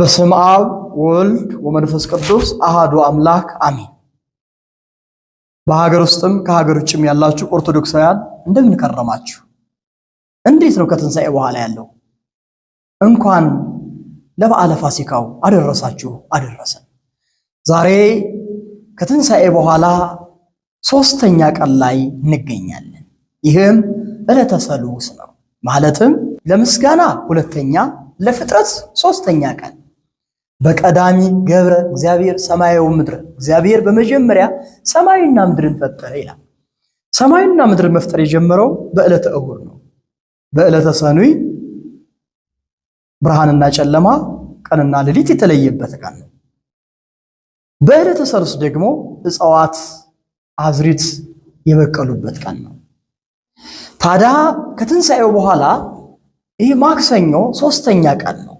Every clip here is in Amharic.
በስም አብ ወልድ ወመንፈስ ቅዱስ አሃዱ አምላክ አሚን። በሀገር ውስጥም ከሀገር ውጭም ያላችሁ ኦርቶዶክሳውያን እንደምን ከረማችሁ? እንዴት ነው ከትንሣኤ በኋላ ያለው? እንኳን ለበዓለ ፋሲካው አደረሳችሁ አደረሰን። ዛሬ ከትንሣኤ በኋላ ሶስተኛ ቀን ላይ እንገኛለን። ይህም ዕለተ ሰሉስ ነው። ማለትም ለምስጋና ሁለተኛ ለፍጥረት ሶስተኛ ቀን በቀዳሚ ገብረ እግዚአብሔር ሰማያዊ ምድር፣ እግዚአብሔር በመጀመሪያ ሰማይና ምድርን ፈጠረ ይላል። ሰማይና ምድርን መፍጠር የጀመረው በዕለተ እሁር ነው። በዕለተ ሰኑይ ብርሃንና ጨለማ፣ ቀንና ሌሊት የተለየበት ቀን ነው። በዕለተ ሰርስ ደግሞ እጽዋት አዝሪት የበቀሉበት ቀን ነው። ታዲያ ከትንሣኤው በኋላ ይህ ማክሰኞ ሶስተኛ ቀን ነው።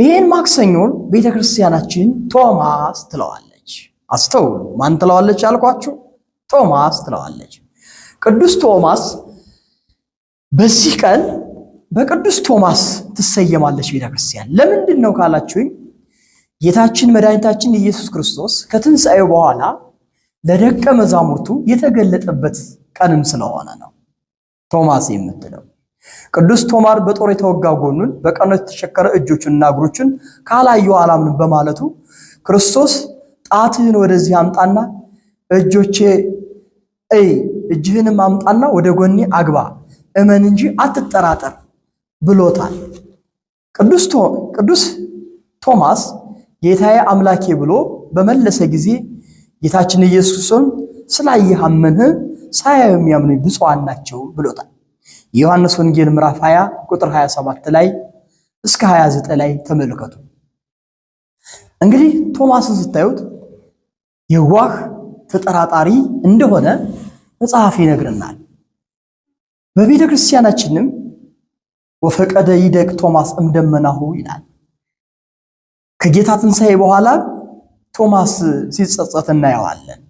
ይህን ማክሰኞን ቤተ ክርስቲያናችን ቶማስ ትለዋለች። አስተውሉ። ማን ትለዋለች አልኳችሁ? ቶማስ ትለዋለች። ቅዱስ ቶማስ በዚህ ቀን በቅዱስ ቶማስ ትሰየማለች ቤተ ክርስቲያን። ለምንድን ነው ካላችሁኝ ጌታችን መድኃኒታችን ኢየሱስ ክርስቶስ ከትንሣኤው በኋላ ለደቀ መዛሙርቱ የተገለጠበት ቀንም ስለሆነ ነው ቶማስ የምትለው ቅዱስ ቶማር በጦር የተወጋ ጎኑን በቀኖች የተሸከረ እጆቹንና እግሮቹን ካላየሁ አላምንም በማለቱ ክርስቶስ ጣትህን ወደዚህ አምጣና እጆቼ እይ እጅህንም አምጣና ወደ ጎኔ አግባ እመን እንጂ አትጠራጠር ብሎታል። ቅዱስ ቶማስ ጌታዬ አምላኬ ብሎ በመለሰ ጊዜ ጌታችን ኢየሱስን ስላየህ አመንህ፣ ሳያዩ የሚያምኑ ብፁዓን ናቸው ብሎታል። የዮሐንስ ወንጌል ምዕራፍ 20 ቁጥር 27 ላይ እስከ 29 ላይ ተመልከቱ። እንግዲህ ቶማስን ስታዩት የዋህ ተጠራጣሪ እንደሆነ መጽሐፍ ይነግርናል። በቤተ ክርስቲያናችንም ወፈቀደ ይደቅ ቶማስ እምደመናሁ ይላል። ከጌታ ትንሣኤ በኋላ ቶማስ ሲጸጸት እናየዋለን።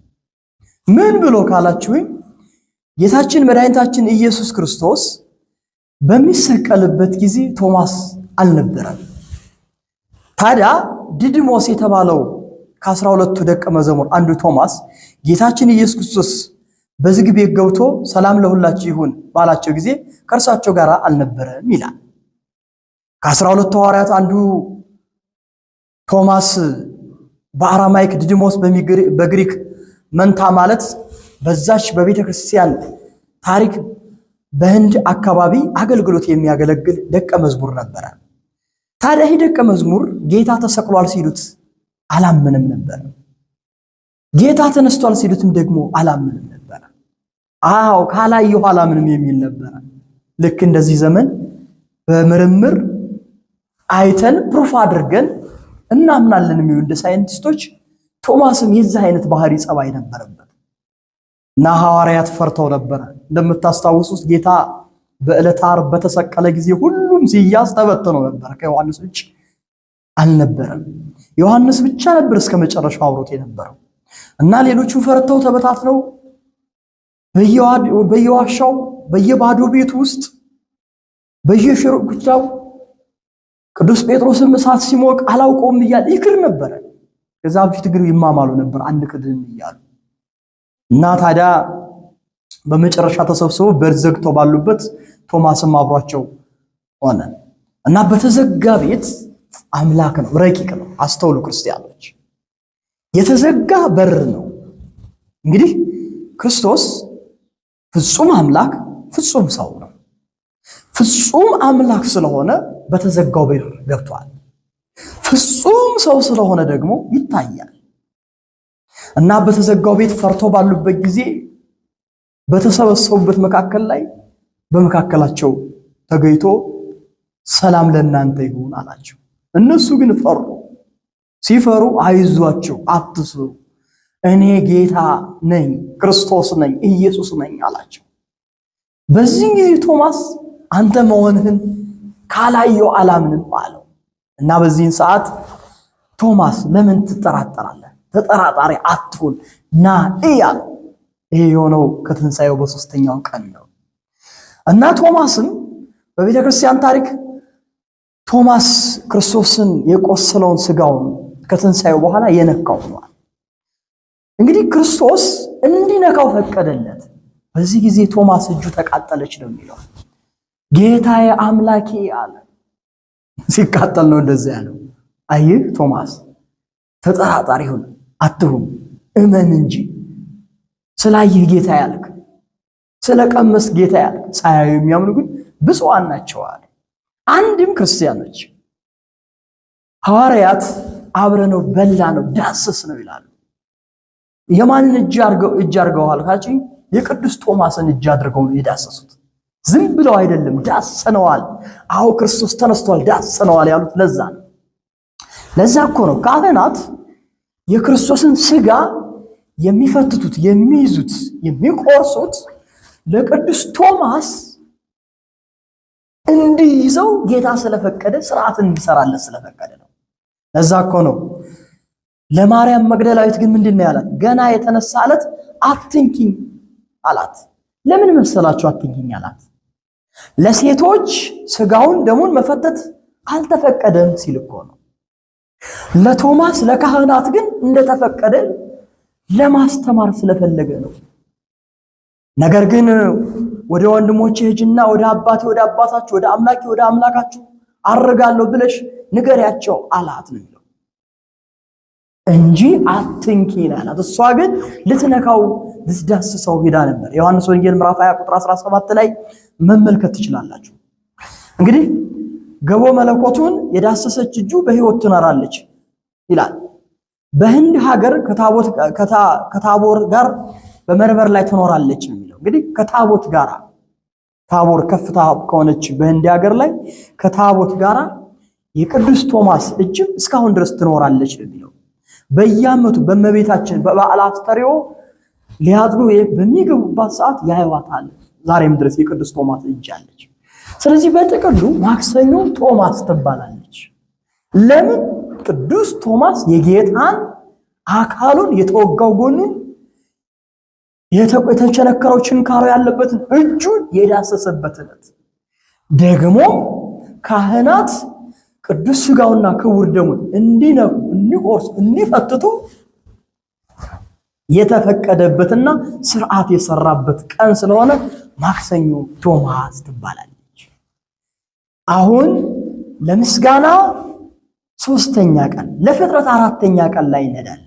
ምን ብሎ ካላችሁኝ ጌታችን መድኃኒታችን ኢየሱስ ክርስቶስ በሚሰቀልበት ጊዜ ቶማስ አልነበረም። ታዲያ ዲድሞስ የተባለው ከአስራ ሁለቱ ደቀ መዘሙር አንዱ ቶማስ ጌታችን ኢየሱስ ክርስቶስ በዝግ ቤት ገብቶ ሰላም ለሁላችሁ ይሁን ባላቸው ጊዜ ከእርሳቸው ጋር አልነበረም ይላል። ከአስራ ሁለቱ ሐዋርያት አንዱ ቶማስ በአራማይክ ዲድሞስ በግሪክ መንታ ማለት በዛች በቤተ ክርስቲያን ታሪክ በህንድ አካባቢ አገልግሎት የሚያገለግል ደቀ መዝሙር ነበረ። ታዲያ ይህ ደቀ መዝሙር ጌታ ተሰቅሏል ሲሉት አላምንም ነበር። ጌታ ተነስቷል ሲሉትም ደግሞ አላምንም ነበር። አዎ ካላየሁ አላምንም የሚል ነበረ። ልክ እንደዚህ ዘመን በምርምር አይተን ፕሩፍ አድርገን እናምናለን የሚሉ እንደ ሳይንቲስቶች ቶማስም የዚህ አይነት ባህሪ ጸባይ ነበረበት። እና ሐዋርያት ፈርተው ነበረ። እንደምታስታውሱት ጌታ በዕለተ ዓርብ በተሰቀለ ጊዜ ሁሉም ሲያዝ ተበትነው ነበር። ከዮሐንስ ውጭ አልነበረም። ዮሐንስ ብቻ ነበር እስከ መጨረሻው አብሮት የነበረው እና ሌሎቹ ፈርተው ተበታትነው በየዋሻው በየባዶ ቤቱ ውስጥ በየሽርጉቻው ቅዱስ ጴጥሮስም እሳት ሲሞቅ አላውቀውም እያለ ይክር ነበረ። ከዛ በፊት ግን ይማማሉ ነበር አንድ ክድን እያሉ እና ታዲያ በመጨረሻ ተሰብስበው በር ዘግተው ባሉበት ቶማስም አብሯቸው ሆነ እና በተዘጋ ቤት አምላክ ነው፣ ረቂቅ ነው። አስተውሉ ክርስቲያኖች፣ የተዘጋ በር ነው። እንግዲህ ክርስቶስ ፍጹም አምላክ ፍጹም ሰው ነው። ፍጹም አምላክ ስለሆነ በተዘጋው በር ገብቷል። ፍጹም ሰው ስለሆነ ደግሞ ይታያል። እና በተዘጋው ቤት ፈርቶ ባሉበት ጊዜ በተሰበሰቡበት መካከል ላይ በመካከላቸው ተገይቶ ሰላም ለእናንተ ይሁን አላቸው። እነሱ ግን ፈሩ። ሲፈሩ አይዟቸው፣ አትስሩ፣ እኔ ጌታ ነኝ፣ ክርስቶስ ነኝ፣ ኢየሱስ ነኝ አላቸው። በዚህ ጊዜ ቶማስ አንተ መሆንህን ካላየው አላምንም አለው እና በዚህን ሰዓት ቶማስ ለምን ትጠራጠራለህ? ተጠራጣሪ አትሁን ና እያለ ይሄ የሆነው ከትንሣኤው በሦስተኛው ቀን ነው እና ቶማስም በቤተ ክርስቲያን ታሪክ ቶማስ ክርስቶስን የቆሰለውን ስጋውን ከትንሣኤው በኋላ የነካው ሆኗል። እንግዲህ ክርስቶስ እንዲነካው ፈቀደለት። በዚህ ጊዜ ቶማስ እጁ ተቃጠለች ነው የሚለው። ጌታዬ አምላኬ አለ። ሲቃጠል ነው እንደዚያ ያለው። አይህ ቶማስ ተጠራጣሪ ሁን አትሁን፣ እመን እንጂ። ስላየህ ጌታ ያልክ፣ ስለ ቀመስ ጌታ ያልክ። ሳያዩ የሚያምኑ ግን ብፁዓን ናቸው አለ። አንድም ክርስቲያኖች ሐዋርያት አብረ ነው በላ ነው ዳሰስ ነው ይላሉ። የማንን እጅ አርገው እጅ አርገው አልካችኝ? የቅዱስ ቶማስን እጅ አድርገው ነው የዳሰሱት። ዝም ብለው አይደለም ዳሰነዋል። አዎ ክርስቶስ ተነስቷል ዳሰነዋል ያሉት ለዛ ነው። ለዛ እኮ ነው ካህናት የክርስቶስን ስጋ የሚፈትቱት፣ የሚይዙት፣ የሚቆርሱት ለቅዱስ ቶማስ እንዲይዘው ጌታ ስለፈቀደ ስርዓት እንዲሰራለት ስለፈቀደ ነው። ለዛ እኮ ነው ለማርያም መግደላዊት ግን ምንድን ነው ያላት? ገና የተነሳ አለት አትንኪኝ አላት። ለምን መሰላችሁ አትንኪኝ አላት? ለሴቶች ስጋውን ደሙን መፈተት አልተፈቀደም ሲል እኮ ነው። ለቶማስ ለካህናት ግን እንደተፈቀደ ለማስተማር ስለፈለገ ነው። ነገር ግን ወደ ወንድሞች ሂጂና ወደ አባቴ ወደ አባታችሁ ወደ አምላኬ ወደ አምላካችሁ አርጋለሁ ብለሽ ንገሪያቸው አላት ነው የሚለው እንጂ አትንኪ አላት። እሷ ግን ልትነካው ልትዳስሰው ሄዳ ነበር። ዮሐንስ ወንጌል ምዕራፍ 20 ቁጥር 17 ላይ መመልከት ትችላላችሁ። እንግዲህ ገቦ መለኮቱን የዳሰሰች እጁ በህይወት ትኖራለች ይላል። በህንድ ሀገር ከታቦር ጋር በመርበር ላይ ትኖራለች የሚለው እንግዲህ ከታቦት ጋራ ታቦር ከፍታ ከሆነች በህንድ ሀገር ላይ ከታቦት ጋራ የቅዱስ ቶማስ እጅም እስካሁን ድረስ ትኖራለች የሚለው በየአመቱ በመቤታችን በበዓል አስተርእዮ ሊያጥሉ በሚገቡባት ሰዓት ያይዋታል። ዛሬም ድረስ የቅዱስ ቶማስ እጅ አለች። ስለዚህ በጥቅሉ ማክሰኞ ቶማስ ትባላለች። ለምን ቅዱስ ቶማስ የጌታን አካሉን የተወጋው ጎኑን የተቸነከረው ችንካሮ ያለበትን እጁን የዳሰሰበት ዕለት ደግሞ ካህናት ቅዱስ ስጋውና ክቡር ደሙን እንዲነኩ፣ እንዲቆርሱ፣ እንዲፈትቱ የተፈቀደበትና ስርዓት የሰራበት ቀን ስለሆነ ማክሰኞ ቶማስ ትባላለች። አሁን ለምስጋና ሶስተኛ ቀን ለፍጥረት አራተኛ ቀን ላይ ይነዳል።